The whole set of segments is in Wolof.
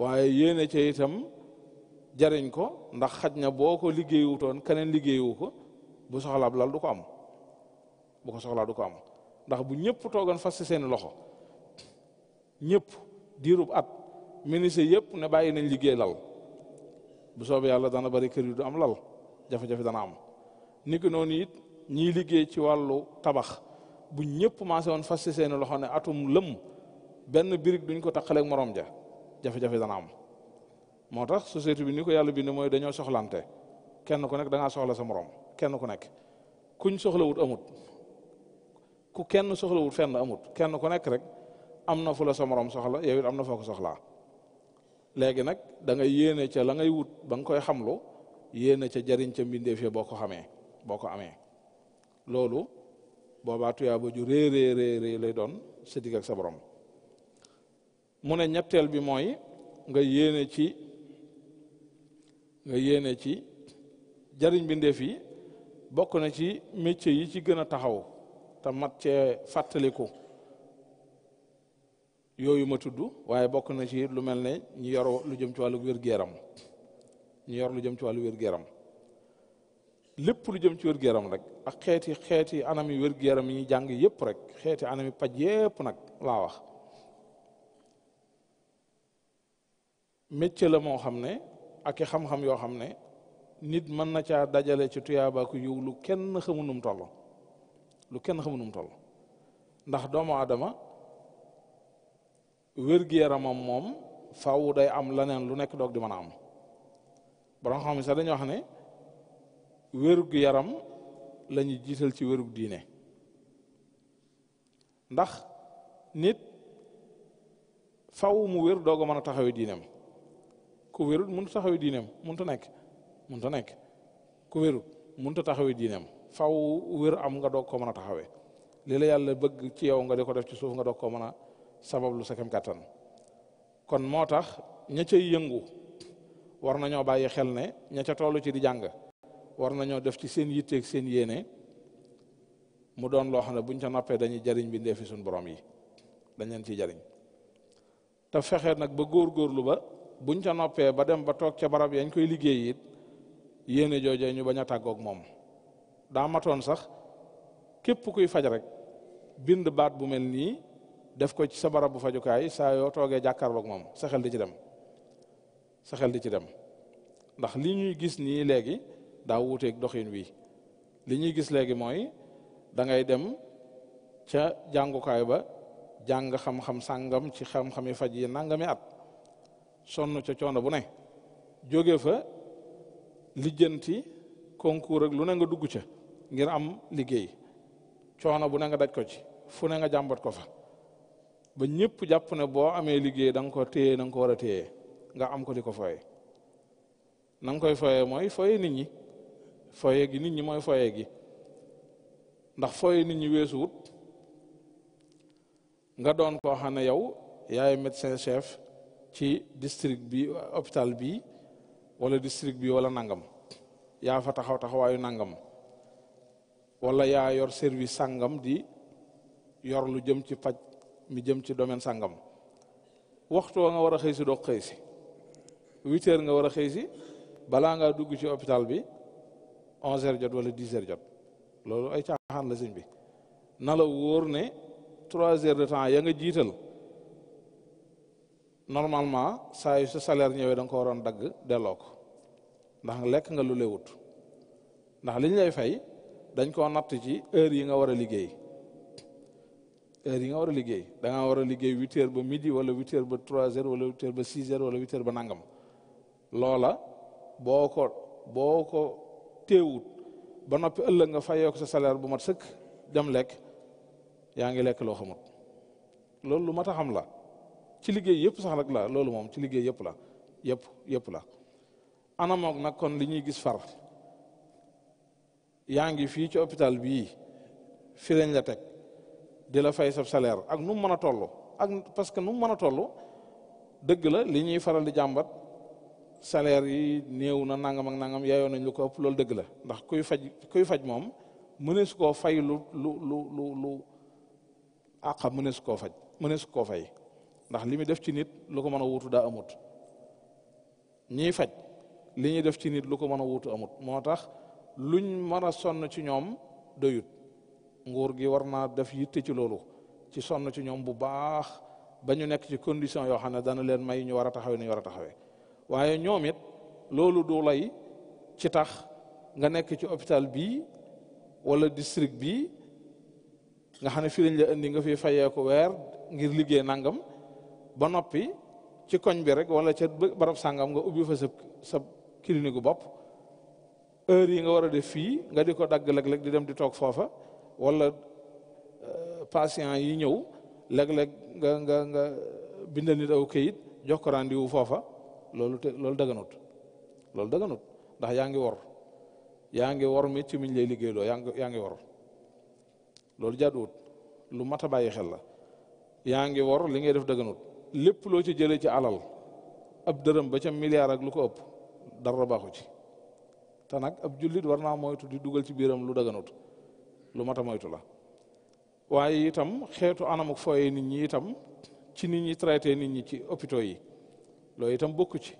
waye yene ci itam jariñ ko ndax xajna boko liggey ko kenen liggey wuko bu soxla lal du ko am bu ko soxla du ko am ndax bu ñepp togon fa ci seen loxo ñepp at ministre yep ne bàyyi nañ liggey lal bu soobee yalla dana bari keur yu du am lal jafé jafé dana am niki non it ñi liggey ci walu tabax bu ñepp ma woon fa ci seen loxo ne atum lem ben birik duñ ko ak morom ja jafe-jafe dana am moo tax société bi ni ko yàlla bind mooy dañoo soxlante kenn ku nekk da ngaa soxla sa morom kenn ku nekk kuñ soxlawut amut ku kenn soxlawut fenn amut kenn ku nekk rek am na fu la sa morom soxla yow am na foo ko soxlaa léegi nag da nga yéene ca la ngay wut ba nga koy xamlu yéene ca jariñ ca mbindeef boo ko xamee boo ko amee loolu boobaa tuyaa ba ju réeréeréeré lay doon sa digg ak sa borom mu ne ñetteel bi mooy nga yéene ci nga yéene ci jariñ mbindeef yi bokk na ci métier yi ci gën a taxaw te mat cee fàttaliku yooyu ma tudd waaye bokk na ci lu mel ne ñu yor lu jëm ci wàllu wér gu ñu yor lu jëm ci wàllu wér gu lépp lu jëm ci wér gu rek ak xeeti xeeti anami wér-gu-yaram yi ñu jàng yëpp rek xeeti anami paj yëpp nag laa wax métier la moo xam ne ak i xam-xam yoo xam ne nit mën na caa dajale ci tuyaaba ku lu kenn xamu num toll lu kenn xamu num ndax doomu aadama wér-gu-yaramam moom faaw day am leneen lu nekk doog di mën a am borom xam sax dañuy wax ne wér-gu-yaram la ñu jiital ci wérug diine ndax nit faw mu wér doog a mën a taxawee diineem ku wérut mënut taxawé diinam mënut a nekk mënut a ku wérut mënut a taxawee diineem faw wér am nga do ko mëna taxawé taxawee li la bëgg ci yow nga diko def ci suuf nga do ko mëna sabab lu sakam kem kon motax ña cay yëngu war nañu bayyi xel ne ña ca tollu ci di jang war nañu def ci seen ak seen yéné mu doon lo xam buñ ca noppé dañuy jariñ ndé fi sun borom yi dañ leen ci jariñ ta fexé nak ba gor lu ba buñ ca noppee ba dem ba toog ca barab yañ koy liggéey it yéene joojee ñu bañ a tàggoog moom daa matoon sax képp kuy faj rek bind baat bu mel nii def ko ci sa barab bu fajukaay saa yoo toogee jàkkaarloog moom sa xel di ci dem sa di ci dem ndax li ñuy gis nii léegi daa wuuteeg doxin wii li ñuy gis léegi mooy da ngay dem ca jàngukaay ba jàng xam-xam sàngam ci xam-xami faj yi nangami at sonn ca coono bu ne jóge fa lijjanti concours ak lu na nga dugg ca ngir am liggéey coono bu ne nga daj ko ci fune nga jàmbat ko fa ba ñëpp jàpp na boo amee liggéey da nga ko téye na ko war a téye nga am ko di ko fooye na koy fooye mooy fooye nit ñi fooye gi nit ñi mooy fooye gi ndax fooye nit ñi weesu wut nga doon koo xam ne yow yaay médecin chef ci district bi hôpital bi wala district bi wala nangam yaa fa taxaw taxawaayu nangam wala yaa yor service sangam di yor lu jëm ci paj mi jëm ci domaine sangam waxtu nga war a xëy si doog xëy si huit nga war a xëy balaa ngaa dugg ci hôpital bi onze heures jot wala dix heures jot loolu ay caaxaan la sëñ bi na la wóor ne trois heures de temps ya nga jiital. normalement saa yu sa salaire ñëwee danga ko waroon dagg delloo ko ndax lekk nga lu lewut ndax li lay fay dañ koo natt ci heure yi nga war a liggéey heure yi nga war a liggéey da war a liggéey huit ba midi wala huit ba trois heures wala huit ba six heures wala huit ba nangam loola boo ko boo ko téewut ba noppi ëllëg nga fayoo ko sa salaire bu mat sëkk dem lekk yaa ngi lekk loo xamut loolu lu xam la. ci liggéey yëpp sax rek la loolu moom ci liggéey yëpp la yëpp yëpp la anamoog nag kon li ñuy gis far yaa ngi fii ci hôpital bii fi lañ la teg di la fay sa salaire ak nu mu mën a toll ak parce que nu mën a toll dëgg la li ñuy faral di jàmbat salaire yi néew na nangam nangam yaayoo nañ lu ko ëpp loolu dëgg la ndax kuy faj kuy faj moom mënees koo fay lu lu lu lu lu àqa mënees koo faj mënees koo fay ndax li muy def ci nit lu ko mën a wutu daa amut ñiy faj li ñuy def ci nit lu ko mën a wuutu amut moo tax luñ mën a sonn ci ñoom doyut nguur gi war naa def yitte ci loolu ci sonn ci ñoom bu baax bañu nekk ci condition yoo xam ne dana leen may ñu war a taxawee ni ñu war a taxawee waaye ñoom it loolu du lay ci tax nga nekk ci hôpital bi wala district bi nga xam ne fii lañ la indi nga fi fayee ko weer ngir liggéey nangam ba noppi ci koñ bi rek wala ca barab sangam nga ubbi fa sa sa clinique gu heure yi nga wara def fi nga di dag leg-leg di dem di tok fofa wala euh, patient yi ñew leg leg nga nga nga bindal nit aw keuyit jox ko rendez-vous fofa lolu lolu daganut loolu daganut ndax yaangi ngi wor yaangi wor mi ci miñ lay liggey do ngi wor lolu jaaduwut lu mata xel la yaangi wor li ngay def daganut lépp loo ci jëlee ci alal ab dërëm ba ca milliard ak lu ko ëpp dara baaxu ci te nag ab jullit war naa moytu di dugal ci biiram lu daganut lu mat moytu la waaye itam xeetu anamuk fooye nit ñi itam ci nit ñi traité nit ñi ci hôpitaux yi loolu itam bokku ci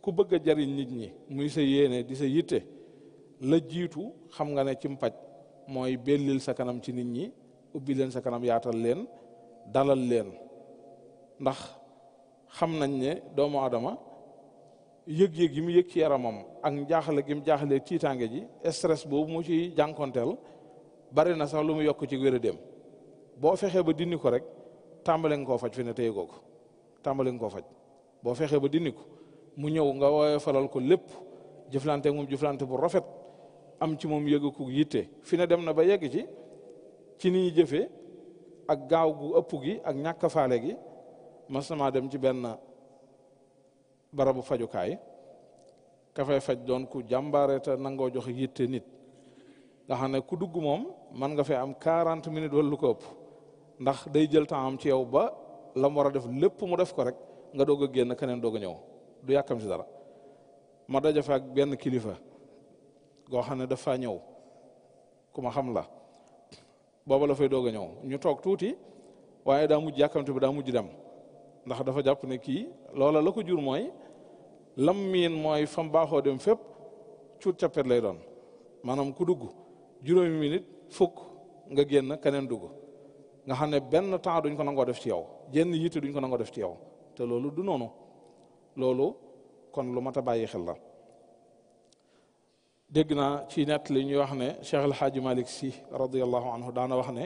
ku bëgg a jariñ nit ñi muy sa yéene di sa yitte la jiitu xam nga ne ci mpaj mooy bellil sa kanam ci nit ñi ubbi leen sa kanam yaatal leen dalal leen ndax xam nañ ne doomu aadama yëg-yëg yi mu yëg ci yaramam ak njaaxle gi mu jaaxle tiitaange ji stress boobu mu ci jànkonteel bari na sax lu mu yokk ci wér dem boo fexee ba dindi ko rek tàmbale koo faj fi ne ko tàmbale nga faj boo fexee ba dindi ko mu ñëw nga wooye falal ko lépp jëflante moom jëflante bu rafet am ci moom yëg ku yitte fi ne dem na ba yegg ci ci ni ñuy jëfee ak gaaw gu ëpp gi ak ñàkk gi mas namaa dem ci benn barabu fajukaay ka fay faj doon ku jàmbaare te nangoo joxe yitte nit nga xam ne ku dugg moom man nga fay am 40 minutes wala lu ko ëpp ndax day jël temps am ci yow ba la war a def lépp mu def ko rek nga doog a génn keneen doog a ñëw du yàkkam si dara ma daje fa ak benn kilifa goo xam ne dafa ñëw ku ma xam la booba la fay doog a ñëw ñu toog tuuti waaye daa mujj yàkkamti bi daa mujj dem. ndax dafa jàpp ne kii loola la ko jur mooy lam miin mooy fam baaxoo dem fépp cuut cappet lay doon maanaam ku dugg juróomi minute fukk nga génn keneen dugg nga xam ne benn temps duñ ko nangoo def ci yow jenn yitte duñ ko nango def ci yow te loolu du noonu loolu kon lu mat a bàyyi xel la dégg naa ci nett li ñuy wax ne Cheikh El Hadj si Sy radiyallahu anhu daana wax ne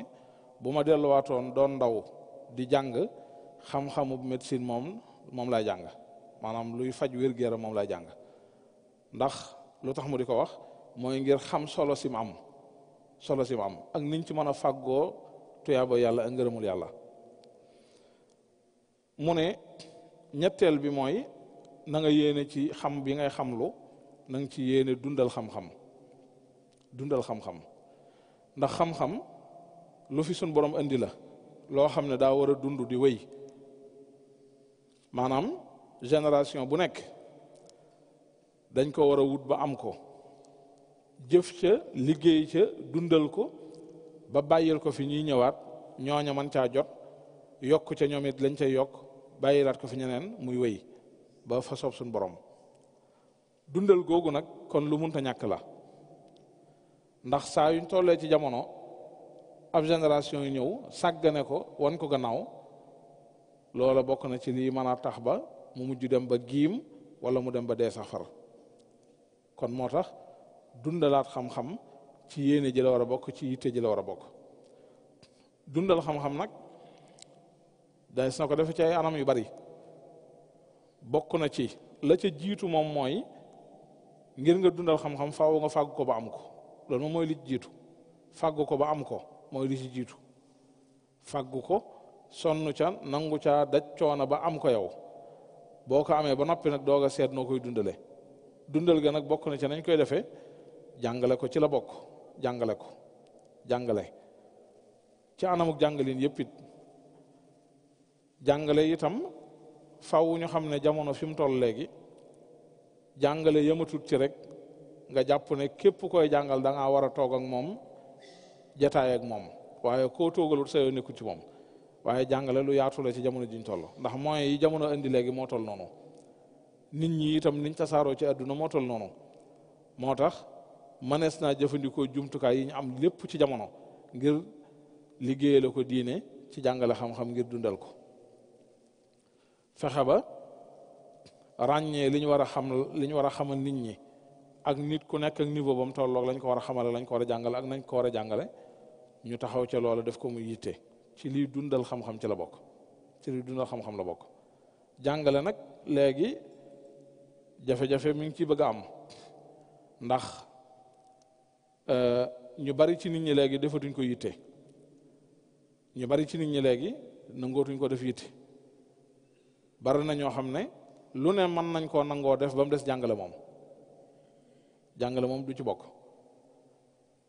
bu ma delluwaatoon doon ndaw di jàng xam-xamu médecine moom moom laa jàng maanaam luy faj wér gu moom laa jàng ndax lu tax mu di ko wax mooy ngir xam solo sim am solo si am ak niñ ci mën a fàggoo tuyaaba yàlla ak ngërëmul yàlla mu ne ñetteel bi mooy nanga nga yéene ci xam bi ngay xam lu na ci yéene dundal xam-xam dundal xam ndax xam-xam lu fi suñ borom indi la loo xam ne daa war a dund di wéy maanaam génération bu nekk dañ ko war a wut ba am ko jëf ca liggéey ca dundal ko ba bàyyil ko fi ñuy ñëwaat ñooña mën caa jot yokk ca ñoom it lañ cay yokk bàyyilaat ko fi ñeneen muy wéy ba fa soob suñ borom dundal googu nag kon lu munta ñàkk la ndax saa yuñ tollee ci jamono ab génération yu ñëw sàggane ko wan ko gannaaw loola bokk na ci lii mën tax ba mu mujj dem ba giim wala mu dem ba dee sax far kon moo tax dundalaat xam-xam ci yéene ji la a bokk ci yitte ji la war a bokk dundal xam-xam nag day na ko defe ci anam yu bari bokk na ci la ca jiitu moom mooy ngir nga dundal xam-xam faaw nga fàgg ko ba am ko loolu moom mooy li jiitu fàgg ko ba am ko mooy li jiitu fàgg ko sonn ca nangu caa daj coono ba am ko yow boo ko amee ba noppi nag doog a seet noo koy dundale dundal ga nag bokk na ca nañ koy defee jàngale ko ci la bokk jàngale ko jàngale ci anamuk jàngalin yëpp it jàngale itam faw ñu xam ne jamono fi mu toll léegi jàngale yëmatut ci rek nga jàpp ne képp koy jàngal danga ngaa war a toog ak moom jataay ak moom waaye koo toogalul sa nekku ci moom waaye jàngale lu yaatu ci jamono jiñ toll ndax mooy yi jamono indi léegi moo toll noonu nit ñi itam niñ tasaaroo ci àdduna moo toll noonu moo tax mënees naa jëfandikoo jumtukaay yi ñu am lépp ci jamono ngir liggéeyale ko diine ci jàngale xam-xam ngir dundal ko fexe ba ràññee li ñu war a xam li ñu war a xamal nit ñi ak nit ku nekk ak niveau bam mu tolloog lañ ko war a xamale lañ ko war a jàngale ak nañ ko war a jàngale ñu taxaw ca loola def ko mu yitte. ci li dundal xam-xam ci la bokk ci liy dundal xam-xam la bokk jàngale nag léegi jafe-jafe mi ngi ciy bëgg a am ndax euh, ñu bari ci nit ñi léegi defatuñ ko yitte ñu bari ci nit ñi léegi nangootuñ ko def yitte bari na ñoo xam ne lu ne mën nañ koo nangoo def ba mu des jàngale moom jàngale moom du ci bokk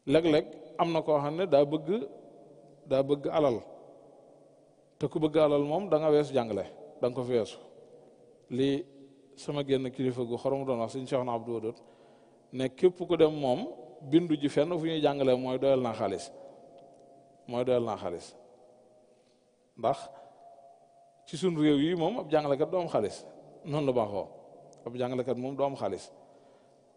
léeg-léeg am na koo xam ne daa bëgg daa bëgg alal te ku bëgg alal moom danga nga weesu jàngale da ko fi weesu lii sama génn kilifa gu xorom doon wax suñu Cheikh na Abdou Wadoud ne képp ku dem moom bindu ji fenn fu ñuy jàngale mooy doyal naa xaalis mooy doyal naa ndax ci suñ réew yii moom ab jàngalekat du am xaalis noonu la baaxoo ab jàngalekat moom doom xaalis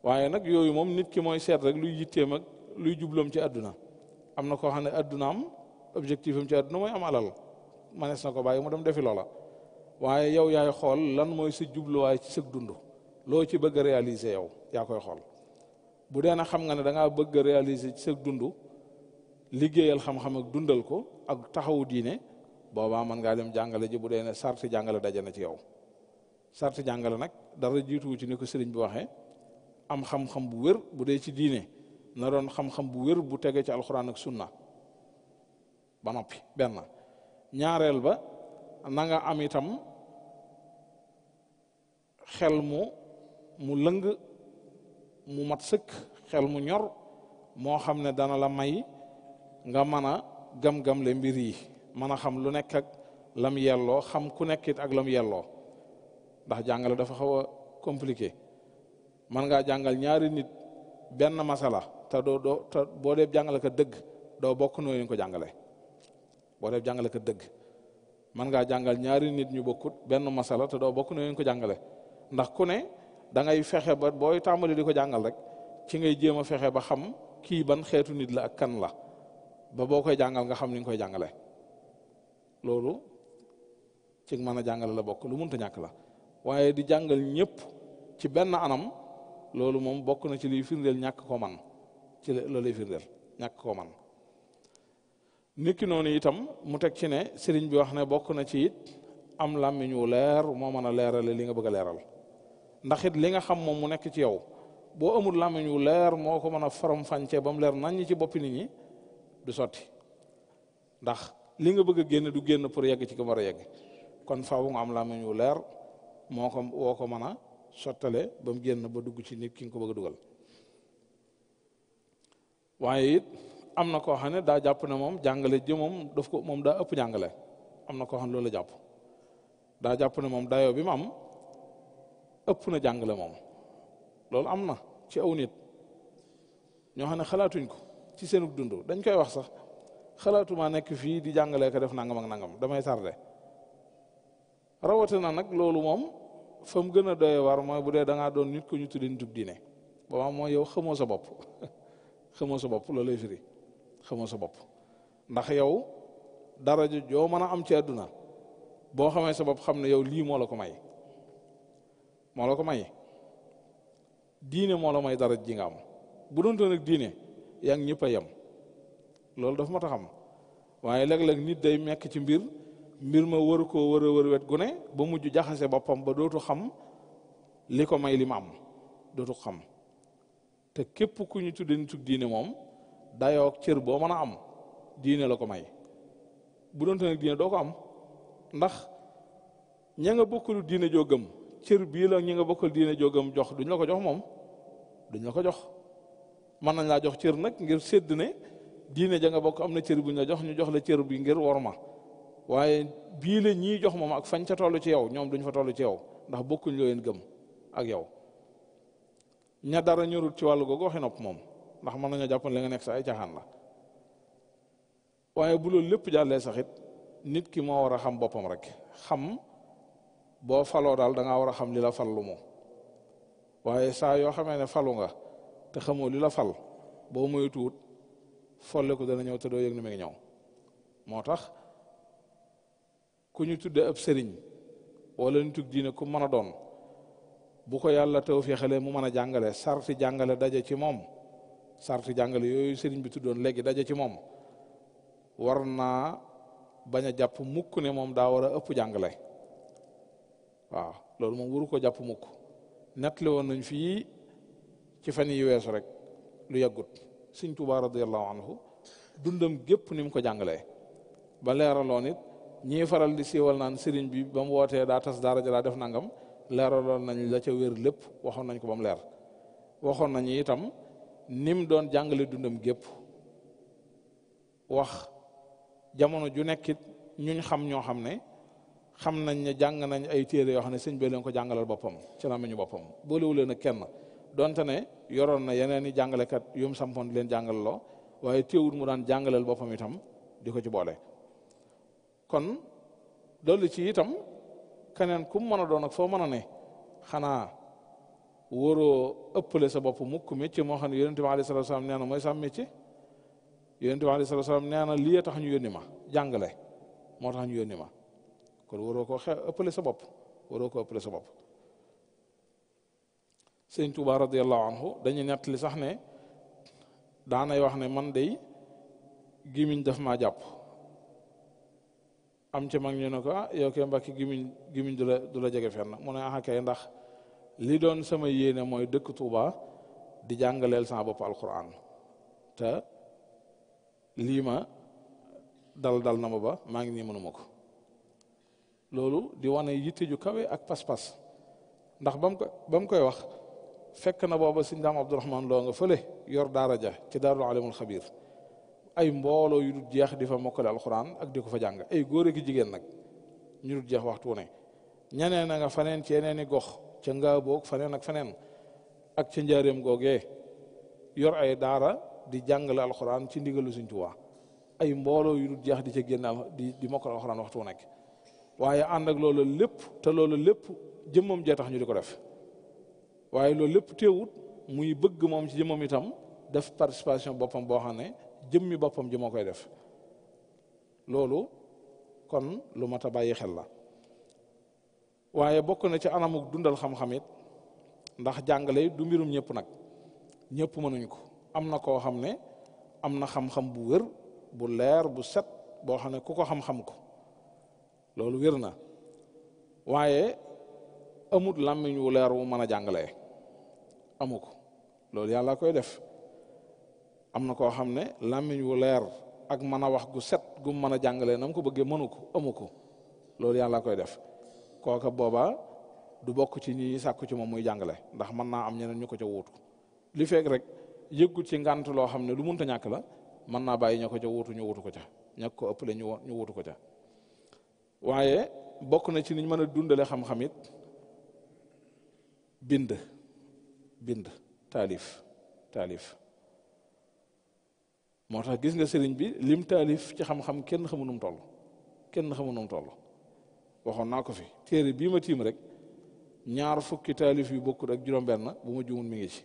waaye nag yooyu moom nit ki mooy seet rek luy yitteem ak luy jubloom ci àdduna am na koo xam ne àddunaam objectif am ci àdduna mooy am alal manees na ko bàyyi mu dem defi loola waaye yow yaay xool lan mooy sa jubluwaay ci sëg dund loo ci bëgg a réaliser yow yaa koy xool bu dee na xam nga ne da bëgg a réaliser ci sëg dund liggéeyal xam-xam ak dundal ko ak taxawu diine boobaa mën ngaa dem jàngale ji bu dee ne sarti jàngale daje na ci yow sarti jàngale nag dara jiituwu ci nekk ko sëriñ bi waxee am xam-xam bu wér bu dee ci diine na doon xam-xam bu wér bu tege ci alxuraan ak sunna ba noppi benn ñaarel ba na nga am itam xel mu mu leung mu mat seuk xel mu ñor mo xamne dana la may nga mana gam-gam le mbir yi mën xam lu nek ak lam yello xam ku nekkit ak lam yello ndax jangal dafa xawa compliqué man nga jangal ñaari nit benn masala ta do do te boo dee jàngale ka dëgg do bokk nooyu ko jàngale boo jàngale jàngalekat dëgg man ngaa jàngal ñaari nit ñu bokkut benn masala te doo bokk ne ko jàngale ndax ku ne da ngay fexe ba booy tàmbali di ko jàngal rek ci ngay jéem a fexe ba xam kii ban xeetu nit la ak kan la ba boo koy jàngal nga xam ni nga koy jàngale loolu ci mën a jàngale la bokk lu munta ñàkk la waaye di jàngal ñëpp ci benn anam loolu moom bokk na ci liy firndeel ñàkk ko man ci loolu lay firndeel ñàkk ko man niki noonu itam mu teg ci ne sëriñ bi wax ne bokk na ci it am làmmiñ wu leer moo mën a leerale li nga bëgg a leeral ndax it li nga xam moom mu nekk ci yow boo amul làmmiñ wu leer moo ko mën a faram-fàccee ba mu leer naññ ci boppi nit ñi du sotti ndax li nga bëgg génn du génn pour yegg ci ko war a yegg kon faaw nga am làmmiñ wu leer moo ko woo ko mën a sottale ba mu génn ba dugg ci nit ki ko bëgg a dugal waaye it am na koo xam ne daa jàpp ne moom jàngale ji moom dof ko moom daa ëpp jàngale am na koo xam ne loolu jàpp daa jàpp ne moom dayoo bi mu am ëpp na jàngale moom loolu am na ci aw nit ñoo xam ne xalaatuñ ko ci seen dund dañ koy wax sax xalaatuma nekk fii di jàngale ko def nangam ak nangam damay tardé na nag loolu moom fa mu gën a doye war mooy bu dee da ngaa doon nit ko ñu tuddee nitub diine boobaam mooy yow xamoo sa bopp xamoo sa bopp loolu firi xamoo sa bop ndax yow dara ju jo meuna am ci aduna bo xamé sa bop xam yow li mo la ko may mo la ko may diiné mo la may dara ji nga am bu doon nag diine diiné ngi ñëpp a yem loolu dafa ma xam waaye leg nit day mekk ci mbir mbir ma wër ko wër wër wet gune. ba mujj jaxase bopam ba dootu xam liko may limam dootu xam te kep ku ñu tudde dayoog cër boo mën a am diine la ko may bu doonte nag diine doo ko am ndax ña nga bokkul diine joo gëm cër bii la ñi nga bokkal diine joo gëm jox duñ la ko jox moom duñ la ko jox mën nañ laa jox cër nag ngir sédd ne diine ja nga bokk am na cër buñ la jox ñu jox la cër bi ngir worma waaye bii la ñii jox moom ak fañ ca toll ci yow ñoom duñ fa toll ci yow ndax bokkuñ loo leen gëm ak yow ña dara ñorut ci wàllu googu waxi nopp moom ndax mën nañoo jàpp ne la nga nekk sa ay caaxaan la waaye bu loolu lépp jàllee sax it nit ki moo war a xam boppam rek xam boo faloo daal da ngaa war a xam li la fal lu mu waaye saa yoo xamee ne falu nga te xamoo li la fal boo moytuwut folle ko dana ñëw te doo yëg ni mi ñëw moo tax ku ñu tuddee ab sëriñ wala ñu tug diine ku mën a doon bu ko yàlla tawféexalee mu mën a jàngale sarti jàngale daje ci moom sarti jàngale yooyu sëriñ bi tuddoon léegi daje ci moom war naa bañ a jàpp mukk ne moom daa war a ëpp jàngale waaw loolu moom waru ko jàpp mukk nettali woon nañ fii ci fan yi weesu rek lu yàggut sëñ Tuubaa radiyallahu anhu dundam gépp ni mu ko jàngalee ba leeraloon it ñii faral di siiwal naan sëriñ bi ba wootee daa tas daara ja daa def nangam leeraloon nañ la ca wér lépp waxoon nañ ko ba mu leer waxoon nañu itam nim doon jàngale dundam gépp wax jamono ju nekkit ñuñ xam ñoo xam ne xam nañ ne jàng nañ ay téere yoo xam ne sëñ bi leen ko jàngalal boppam ci la ñu boppam boolewu leen na kenn donte ne yoroon na yeneen i jàngalekat yum sampoon di leen jàngal loo waaye téewul mu daan jàngalal boppam itam di ko ci boole kon dolli ci itam keneen ku mu mën a doon ak foo mën a ne xanaa waroo ëppale sa bopp mukk métier moo xam ne yonente bi alayhi salatu salaam nee mooy sam métier yonente bi alayhi salatu salaam nee na lii tax ñu yónni ma jàngale moo tax ñu yónni ma kon waroo ko xe ëppale sa bopp waroo ko ëppale sa bopp sëñ Tuuba radiallahu anhu dañuy nettali sax ne daanay wax ne man day gimiñ daf ma jàpp am ci mag ñu ne ko ah yow kee mbàkki gimiñ gimiñ du la du la jege fenn mu ne ah ndax li doon sama yéene mooy dëkk Touba di jàngaleel sama bopp alquran te lii ma dal dal na ma ba maa ngi nii mënuma ko loolu di wane yitte ju kawe ak pas-pas ndax bam ko bam koy wax fekk na booba sëñ daam Abdourahman loo nga fële yor daara ja ci daarul alimul xabiir ay mbooloo yu dul jeex di fa mokkale alquran ak di ko fa jàng ay góor ak jigéen nag ñu dul jeex waxtu ne ñeneen a nga faneen ci yeneen i gox. ca nga boog faneen ak faneen ak ca njaareem googee yor ay daara di jàngale alxuraan ci ndigalu Sëriñ Tuubaa ay mbooloo yu dul jeex di ca génn di di mokkal alxuraan waxtu nekk waaye ànd ak loolu lépp te loolu lépp jëmmam jee tax ñu di ko def waaye loolu lépp teewut muy bëgg moom ci jëmmam itam def participation boppam boo xam ne jëmmi boppam ji moo koy def loolu kon lu mat a bàyyi xel la waaye bokk na ci anamuk dundal xam-xam it ndax jàngale du mbirum ñëpp nag ñëpp mënuñ ko am na koo xam ne am na xam-xam bu wër bu leer bu set boo xam ne ku ko xam-xam ko loolu wér na waaye amut làmmiñ wu leer wu mën a jàngalee amu ko loolu yàlla koy def am na koo xam ne làmmiñ wu leer ak mën a wax gu set gu mën a jàngalee na ko bëggee mënu ko amu ko loolu yàlla koy def kooka boobaa du bokk ci ñi sàkku ci moom muy jàngale ndax mën naa am ñeneen ñu ko ca wuutu li feeg rek yëggut ci ngànt loo xam ne lu munta ñàkk la mën naa bàyyi ña ko ca wuutu ñu wuutu ko ca ñàkk ko ëppale ñu ñu wuutu ko ca waaye bokk na ci niñ mën a dundale xam-xam it bind bind taalif taalif moo tax gis nga sëriñ bi lim taalif ci xam-xam kenn xamu nu kenn xamu nu mu waxoon naa ko fi téere bii ma tiim rek ñaar fukki taalif yu bokkut ak juróom-benn bu ma juumul mi ngi ci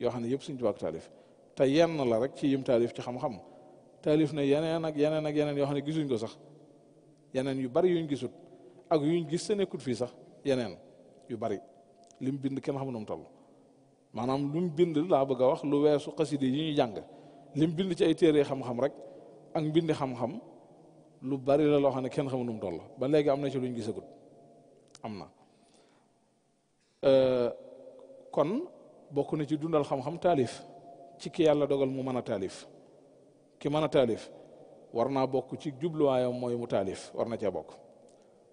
yoo xam ne yëpp suñ tubaab taalif te yenn la rek ci yim taalif ci xam-xam taalif na yeneen ak yeneen ak yeneen yoo xam ne gisuñ ko sax yeneen yu bari yuñ gisut ak yuñ gis te nekkut fii sax yeneen yu bari lim bind kenn xamu nu mu toll maanaam lu bind laa bëgg a wax lu weesu xaside yi ñuy jàng lim bind ci ay téere xam-xam rek ak mbindi xam-xam lu bari la loo xam ne kenn xamul nu mu toll ba léegi am na ci luñ gisagut am na euh, kon bokk na ci dundal xam-xam taalif ci ki yàlla dogal mu mën a taalif ki mën a taalif war naa bokk ci jubluwaayam mooy mu war na cee bokk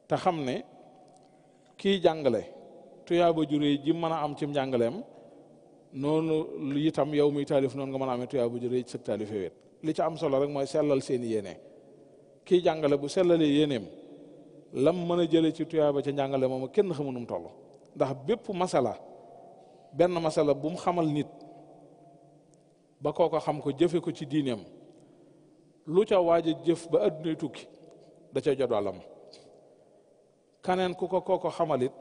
te xam ne kii jàngale tuyaaba juree ji mën a am ci njàngaleem noonu itam yow muy taalif noon nga mën a amee tuyaaba juree ci sa taalif wet li ci am solo rek mooy sellal seeni yéene kii jàngale bu sellalee yéeneem lam mën a jëlee ci ba ca njàngale moom kenn xamu nu mu ndax bépp masala benn masala bu mu xamal nit ba kooko xam ko jëfe ko ci diineem lu ca waaj a jëf ba addunay tukki da ca jot wàllam kaneen ku ko kooko xamalit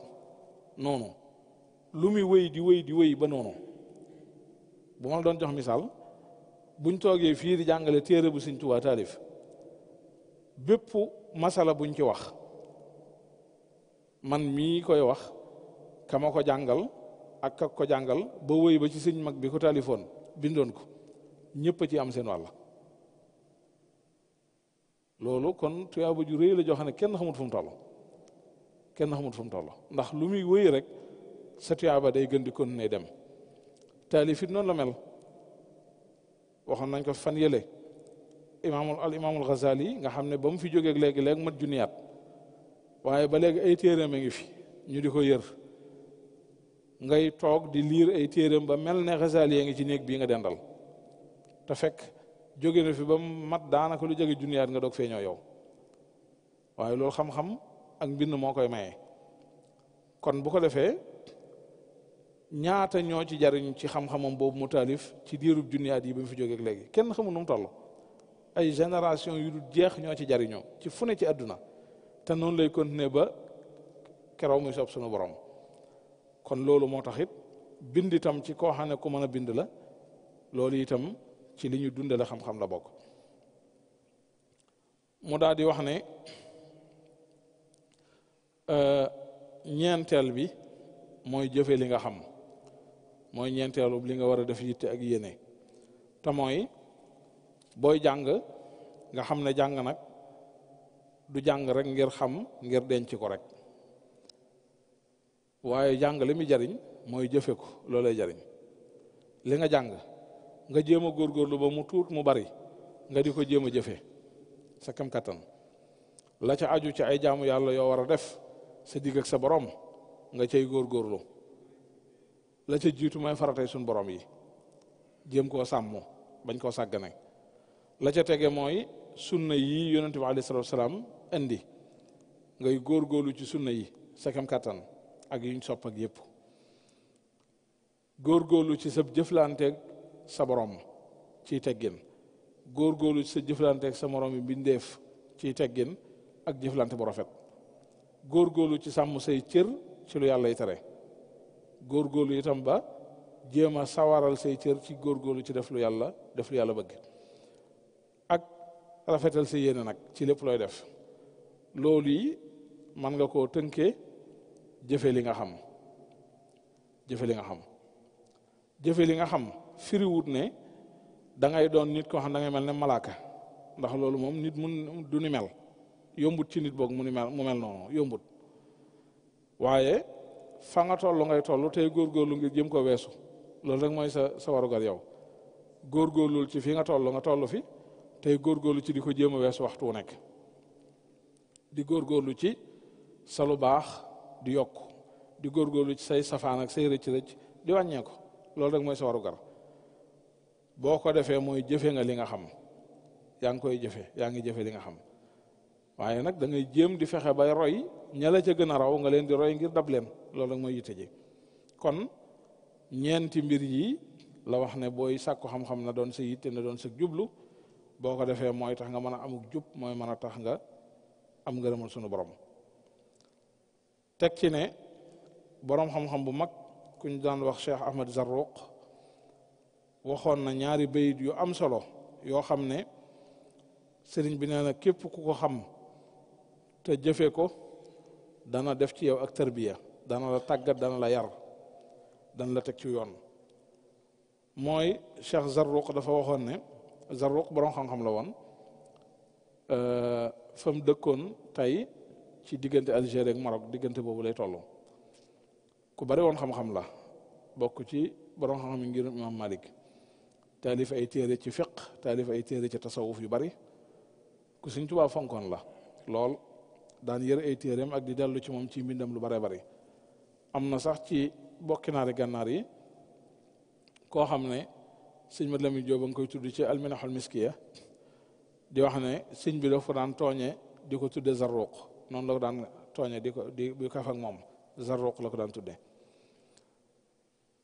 noonu lu muy wéy di wéy di wéy ba noonu bu doon jox misaal buñ toogee fii di jàngale téere bu Sëñ Tuubaa taalif bépp masala buñ ci wax man mii koy wax kama ko jàngal ak kak ko jàngal ba wéy ba ci sëñ mag bi ko taalifoon bindoon ko ñëpp a ci am seen wàll loolu kon tuyaaba ju rëy la joo ne kenn xamut fu mu kenn xamut fu mu toll ndax lu muy wéy rek sa tuyaaba day gën di kon ne dem taalif it noonu la mel waxoon nañ ko fan yële imam al imaamul Ghazali nga xamne bam fi joge leg leg mat junniyaat waye ba leg ay tere a ngi fi ñu diko yër ngay tok di lire ay tere ba melne Ghazali yaa ngi ci néeg bi nga dendal ta fek jóge na fi bam mat danaka lu jóge junniyaat nga doog feño yow waye loolu xam-xam ak bind mo koy maye kon bu ko defé ñaata ñoo ci jariñ ci xam-xamam bobu mutalif ci dirub junniyaat yi ba fi joge leg kenn xamu num tollu ay génération yu dul jeex ñoo ci jariñoo ci fune ci adduna te noonu lay continuer ba keroog muy sob sunu borom kon loolu moo tax it bind itam ci koo xam ne ku mën a bind la loolu itam ci li ñu dundale xam-xam la bokk mu daal di wax ne euh, ñeenteel bi mooy jëfe li nga xam mooy ñeenteelu li nga war a def yitte ak yéene te mooy booy jàng nga xam ne jàng nag du jàng rek ngir xam ngir denc ko rek waaye jàng li jariñ mooy jëfe ko loolay jariñ li nga jàng nga jéem a góorlu ba mu tuut mu bari nga di ko jéem a jëfe sa kam kattan la ca aju ci ay jaamu yàlla yoo war a def sa digg sa borom nga cay góorgóorlu la ca jiitu mooy faratay suñu boroom yi jéem koo sàmm bañ koo sàggane la ca tege mooy sunna yi yonente bi alei salatu wasalam indi ngay góorgóorlu ci sunna yi sa kem kàttan ak yuñ sopp ak yépp góorgóorlu ci sa jëflanteeg sa borom ciy teggin góorgóorlu ci sa jëflanteeg sa morom yi bindeef ciy teggin ak jëflante bu rafet góorgóorlu ci sàmm say cër ci lu yàlla yi tere góorgóorlu itam ba jéem a sawaral say cër ci góorgóorlu ci def lu yàlla def lu yàlla bëgg rafetal si yéene nag ci lépp looy def loolu yi man nga koo tënkee jëfe li nga xam jëfe li nga xam jëfe li nga xam firiwut ne da doon nit koo xam da ngay mel ne malaaka ndax loolu moom nit mun du ni mel yombut ci nit boog mu ni mel mu mel noonu yombut waaye fa nga toll ngay toll tey góorgóorlu ngir jëm ko weesu loolu rek mooy sa sa warugar góor góorgóorlul ci fi nga toll nga toll fi tey góor góorgóorlu ci di ko jéem a wees waxtu wu nekk di góor góorlu ci sa lu baax di yokk di góor góorgóorlu ci say safaan ak say rëcc-rëcc di wàññee ko loolu rek mooy sa warugar boo ko defee mooy jëfe nga li nga xam yaa ngi koy jëfe yaa ngi jëfe li nga xam waaye nag dangay ngay jéem di fexe bay roy ñala la ca a raw nga leen di roy ngir dab leen loolu rek mooy yitte ji kon ñeenti mbir yi la wax ne booy sàkku xam-xam na doon sa yitte na doon sa jublu boo ko defee mooy tax nga mën a amuk jub mooy mën a tax nga am ngërëmal sunu borom teg ci ne borom xam-xam bu mag ku ñu daan wax Cheikh Ahmed Zarruq waxoon na ñaari bayit yu am solo yoo xam ne sëriñ bi nee na képp ku ko xam te jëfee ko dana def ci yow ak tarbiya dana la tàggat dana la yar dana la teg ci yoon mooy Cheikh Zarruq dafa waxoon ne Zarruq borom xam-xam la woon euh, fa mu dëkkoon tey ci diggante Algérie ak Maroc diggante boobu lay toll ku bari woon xam-xam la bokk ci borom xam-xam ngir Imam Malik taalif ay téere ci fiq taalif ay téere ci tasawuf yu bari ku Sëriñ Tuubaa fonkoon la lool daan yër ay téereem ak di dellu ci moom ci mbindam lu bare bari am na sax ci bokki naari gànnaar yi koo xam ne sëñ Mat Lamin Jóob a ngi koy tudd ci alminaxul miskiya di wax ne sëñ bi dafa daan tooñe di ko tudde zarruq noonu la ko daan tooñe di ko di bi kaf ak moom zarruq la ko daan tudde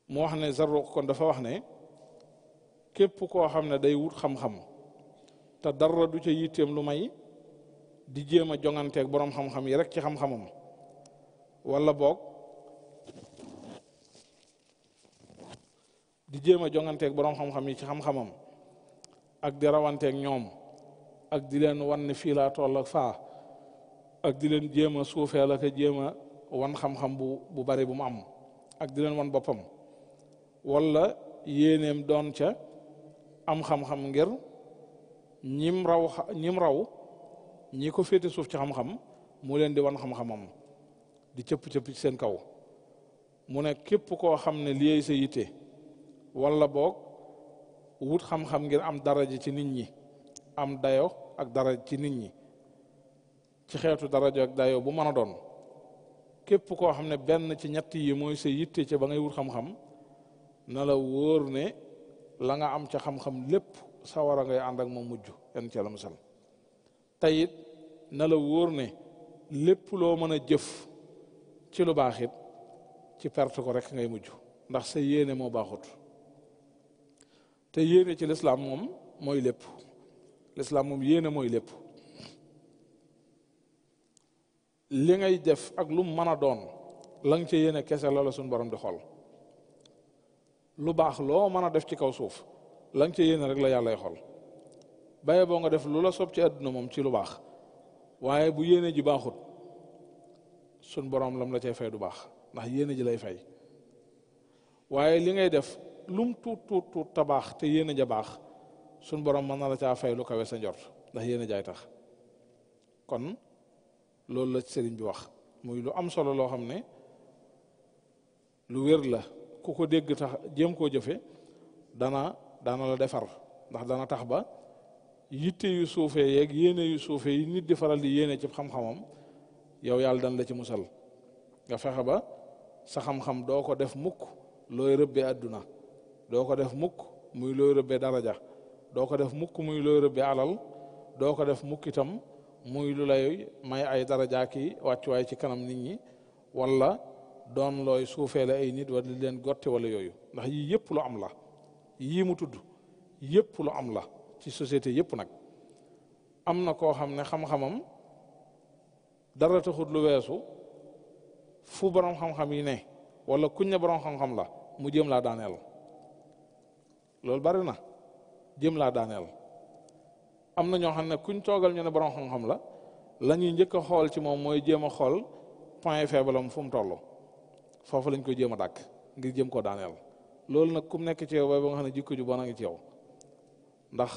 mu wax ne zarruq kon dafa wax ne képp koo xam ne day wut xam-xam te dara du ci yitteem lu may di jéem a jonganteeg boroom xam-xam yi rek ci xam-xamam wala boog di jéem a jonganteeg boroom xam-xam yi ci xam-xamam ak di rawanteeg ñoom ak di leen wan ne fii laa toll ak faa ak di leen jéem a suufeel ak jéem a wan xam-xam bu bu bari bu mu am ak di leen wan boppam walla yéeneem doon ca am xam-xam ngir ñim raw ñii ko féete suuf ci xam-xam mu leen di wan xam-xamam di cëpp-cëpp ci seen kaw mu ne képp koo xam ne liyey sa yitte wala boog wut xam-xam ngir am daraja ci nit ñi am dayo ak daraja ci nit ñi ci xeetu daraja ak dayo bu mën a doon képp koo xam ne benn ci ñetti yi mooy sa yitte ca ba ngay wut xam-xam na la wóor ne la nga am ca xam-xam lépp sa war ngay ànd ak moom mujj yan ca la musal tey it na la wóor ne lépp loo mën a jëf ci lu baax it ci perte ko rek ngay mujj ndax sa yéene moo baaxut te yéene ci lislaam moom mooy lépp lislaam moom yéene mooy lépp li ngay def ak lu mu mën a doon la nga ca yéene kese loola suñ boroom di xool lu baax loo mën a def ci kaw suuf la nga ca rek la yàllay xool baye boo nga def lu la sob ci àdduna moom ci lu baax waaye bu yéene ji baaxut suñ borom lam la cay fay du baax ndax yéene ji lay fay waaye li ngay def lum tuut tuut tuut ta baax te yéen a ja baax suñ borom ma na la caa fay lu kawe sa njort ndax yéen a jaay tax kon loolu la sëriñ bi wax muy lu am solo loo xam ne lu wér la ku ko dégg tax jéem koo jëfe dana dana la defar ndax dana tax ba yitte yu suufee yeeg yéene yu suufee yi nit di faral di yéene ci xam-xamam yow yàlla dan la ci musal nga fexe ba sa xam-xam doo ko def mukk looy rëbbee àdduna doo ko def mukk muy looy rëbbee daraja doo ko def mukk muy looy rëbbee alal doo ko def mukk itam muy lu lay may ay daraja ki wàccuwaay ci kanam nit ñi walla doon looy suufeele ay nit wa leen gotte wala yooyu ndax yii yëpp lu am la yii mu tudd yépp lu am la ci société yëpp nag am na koo xam ne xam-xamam dara taxut lu weesu fu borom xam-xam yi ne wala kuñ ne borom xam-xam la mu jëm laa daaneel. loolu bari na jëm laa daaneel am na ñoo xam ne kuñ toogal ñu ne borom xam-xam la la ñuy njëkk a xool ci moom mooy jéem a xool point faible am fu mu toll foofu lañ koy jéem a dàkk ngir jëm ko daaneel loolu nag ku mu nekk ci yow ba nga xam ne jikko ju bon a ngi ci yow ndax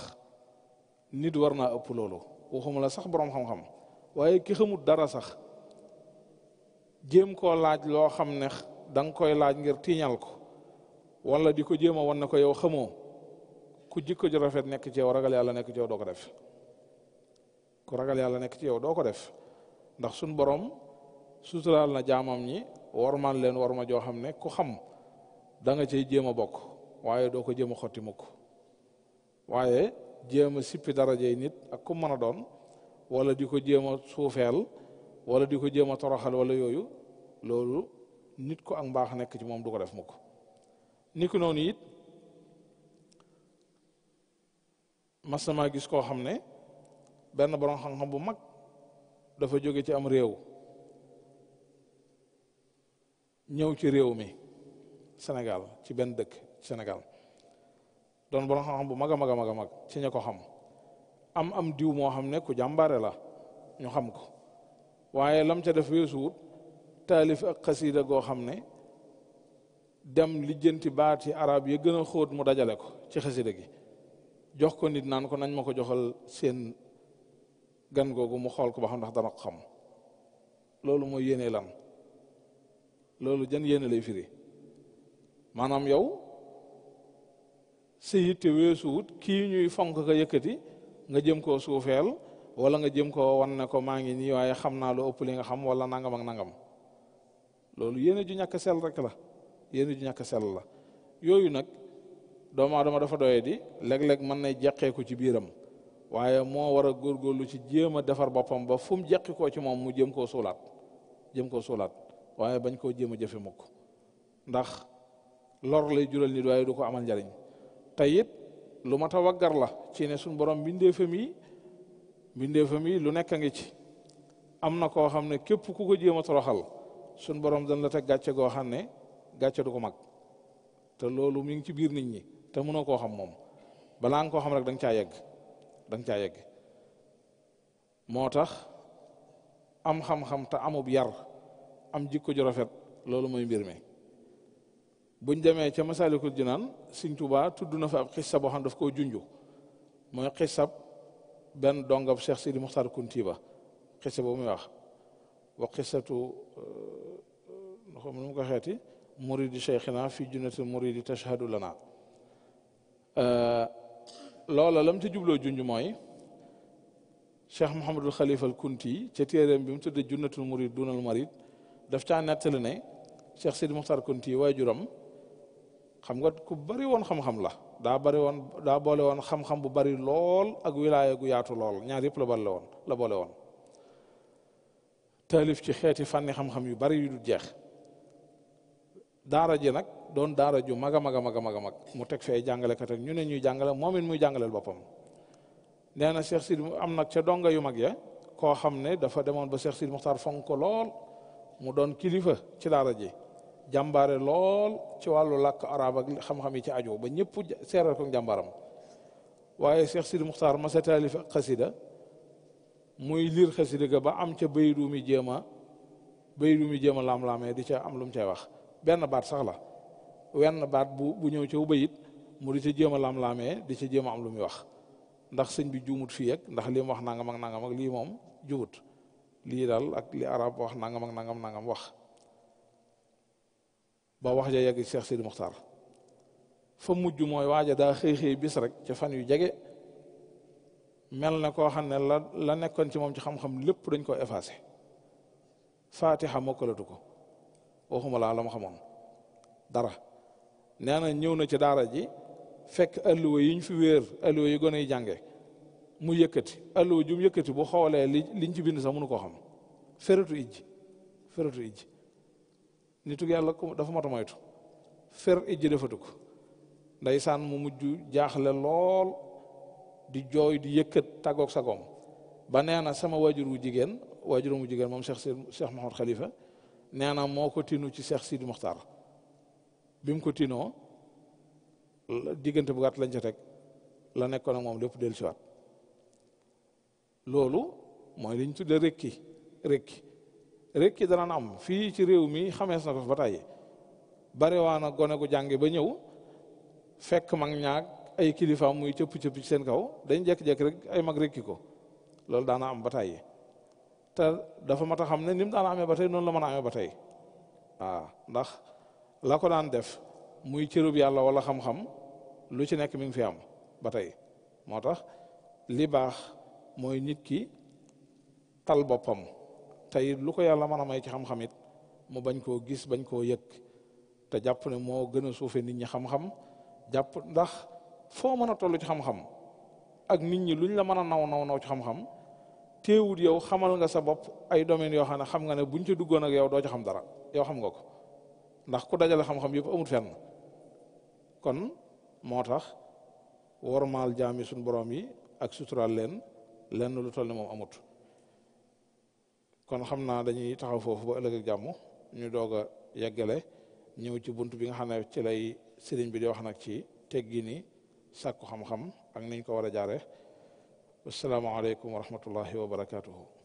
nit war naa ëpp loolu la sax borom xam waaye ki xamut dara sax jéem ko laaj loo xam ne dang nga koy laaj ngir tiiñal ko wala di ko jéem a wan na ko yow xamoo ku jikko ju rafet nekk ci yow ragal yàlla nekk ci yow ko def ku ragal yàlla nekk ci yow doo ko def ndax suñ borom suturaal na jaamam ñi wormaal leen worma joo xam ne ku xam da nga cay jéem a bokk waaye doo ko jéem a xotti mukk waaye jéem a sippi dara darajey nit ak ku mën a doon wala di ko jéem a suufeel wala di ko jéem a toroxal wala yooyu loolu nit ko ak mbaax nekk ci moom du ko def mukk ni ku noonu it gis koo xam ne benn borom xam-xam bu mag dafa jóge ci am réew ñëw ci réew mi Sénégal ci benn dëkk Sénégal doon borom xam-xam bu mag a mag mag mag ci ña ko xam am am diw moo xam ne ku jàmbaare la ñu xam ko waaye lam ca def weesuwut taalif ak xasiida goo xam ne dem lijjanti baat yi arab yi gën a xóot mu dajale ko ci xasida gi jox ko nit naan ko nañ ma ko joxal seen gan googu mu xool ko ba xam ndax dana ko xam loolu mooy yéene lan loolu jan yéene lay firi maanaam yow sa yitte weesuwut kii ñuy fonk ka yëkkati nga jëm koo suufeel wala nga jëm koo wan ne ko maa ngi nii waaye xam naa lu ëpp li nga xam wala nangam ak nangam loolu yéene ju ñàkk sel rek la yéen ju ñàkk sell la yooyu nag doomu aadama dafa doye di leg léeg mën nay jeqeeku ci biiram waaye moo war a góorgóorlu ci jéem a defar boppam ba fu mu jeqi koo ci moom mu jëm koo suulaat jëm koo suulaat waaye bañ koo jéem a jëfe mukk ndax lor lay jural nit waaye du ko amal njariñ te it lu mat a waggar la ci ne suñ borom mbindeefam yi mbindeefam yi lu nekk a ngi ci am na koo xam ne képp ku ko jéem a toroxal suñ borom dan la teg gàcce goo xam ne gàcce du mag te loolu mi ngi ci biir nit ñi te mënoo koo xam moom balaa nga koo xam rek da nga caa yegg da caa yegg moo tax am xam-xam te amub yar am jikko ju rafet loolu mooy mbir mi buñ demee ca Masaalikul Jinaan Sëñ Tuubaa tudd na fa ab xissa boo xam daf koo junju mooy xissab benn dongab Cheikh Sidi Muxtaar Kunti ba xissa boobu muy wax wa xissatu xam euh, nu mu ko xeeti مريد شيخنا في جنة المريد تشهد لنا loola lam te jubloo junj mooy cheikh Mouhamadul Khalifa al Kunti ca téeréem bi mu tudd junnatul murid dunal marid daf caa nettali ne cheikh Sidi Muxtar Kunti waajuram xam nga ku bari woon xam-xam la daa bari woon daa boole woon xam-xam bu bari lool ak wilaaya gu yaatu lool ñaar yëpp la boole woon la boole woon taalif ci xeeti fànni xam-xam yu bari yu du jeex. daara ji nag doon daara ju mag a mag mag a mag a mag mu teg fee jàngalekat ak ñu ne ñuy jàngale moom it muy jàngaleel boppam nee na Cheikh Sidi am nag ca donga yu mag ya koo xam ne dafa demoon ba Cheikh Sidi Muxtaar fonk ko lool mu doon kilifa ci daara ji jàmbaare lool ci wàllu lakk arab ak xam-xam yi ci aju ba ñëpp seeral ko jàmbaaram waaye Cheikh Sidi Muxtaar ma sa taalif xasida muy liir xasida ga ba am ca baydu mi jéem a baydu mi jéem a laam-laamee di ca am lu mu cay wax benn baat sax la wenn baat bu bu ñëw ci wu mu di ci jéem a lam-laamee di ci jéem a am lu muy wax ndax sëñ bi juumut fii ak ndax li mu wax nangam ak nangam ak lii moom juumut lii daal ak li arab wax nangam ak nangam nangam wax ba wax ja yegg Cheikh Sidi Muxtaar fa mujj mooy waaja daa xëy xëy bis rek ca fan yu jege mel na koo xam ne la la nekkoon ci moom ci xam-xam lépp dañ ko effacé fatiha mokkalatu ko waxuma laa la ma xamoon dara nee na ñëw na ci daara ji fekk alluwa yi ñu fi wéer alluwa yi gone yi jànge mu yëkkati alluwa ju mu yëkkati bu xoolee li liñ ci bind sax mënu koo xam feratu ijj feratu ijj nitu yàlla dafa mat a moytu fer ijj defatu ko ndeysaan mu mujj jaaxle lool di jooy di yëkkat tàggoog sagoom ba nee na sama waajur wu jigéen waajur mu jigéen moom Cheikh Cheikh Mahmoud Khalifa nee na tinu ci Cheikh sidou Mokhtar bim ko tino digeunte bu gat lañ ca tek la nekkoon ak lepp del ci wat mooy moy liñ tudde rekki rekki rekki dana am fi ci rew mi xamess na ko ba bare waana na gone gu jànge ba ñew fekk mag ñaak ay kilifa muy cëpp cëpp ci seen kaw dañ jek jek rek ay mag rekki ko loolu daana am ba te dafa mat a xam ne ni mu daan amee ba tey noonu la mën a amee ba tay waaw ndax la ko daan def muy cërub yàlla wala xam-xam lu ci nekk mi ngi fi am ba tey moo tax li baax mooy nit ki tal boppam tey lu ko yàlla mën a may ci xam-xam it mu bañ koo gis bañ koo yëg te jàpp ne moo gën a suufe nit ñi xam-xam jàpp ndax foo mën a toll ci xam-xam ak nit ñi luñ la mën a naw naw naw ci xam-xam teewut yow xamal nga sa bopp ay domaines yoo xam ne xam nga ne buñ ci duggoon ak yow doo ci xam dara yow xam nga ko ndax ku dajale xam-xam yëpp amut fenn kon moo tax wormaal jaami suñ borom yi ak suturaal leen lenn lu toll ni moom amut kon xam naa dañuy taxaw foofu ba ëllëg ak jàmm ñu doog a yeggale ñëw ci bunt bi nga xam ne ci lay sëriñ bi di wax nag ci teggini sàkku xam-xam ak niñ ko war a jaare wassalaamu aleykum wa rahmatullahi wa barakatuhu